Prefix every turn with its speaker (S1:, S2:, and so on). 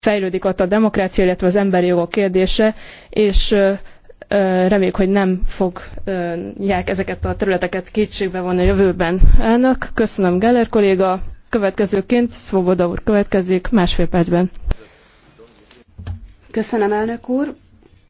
S1: fejlődik ott a demokrácia, illetve az emberi jogok kérdése, és reméljük, hogy nem fogják ezeket a területeket kétségbe vonni a jövőben. Elnök, köszönöm Geller kolléga, következőként Svoboda úr következik másfél percben.
S2: Köszönöm elnök úr.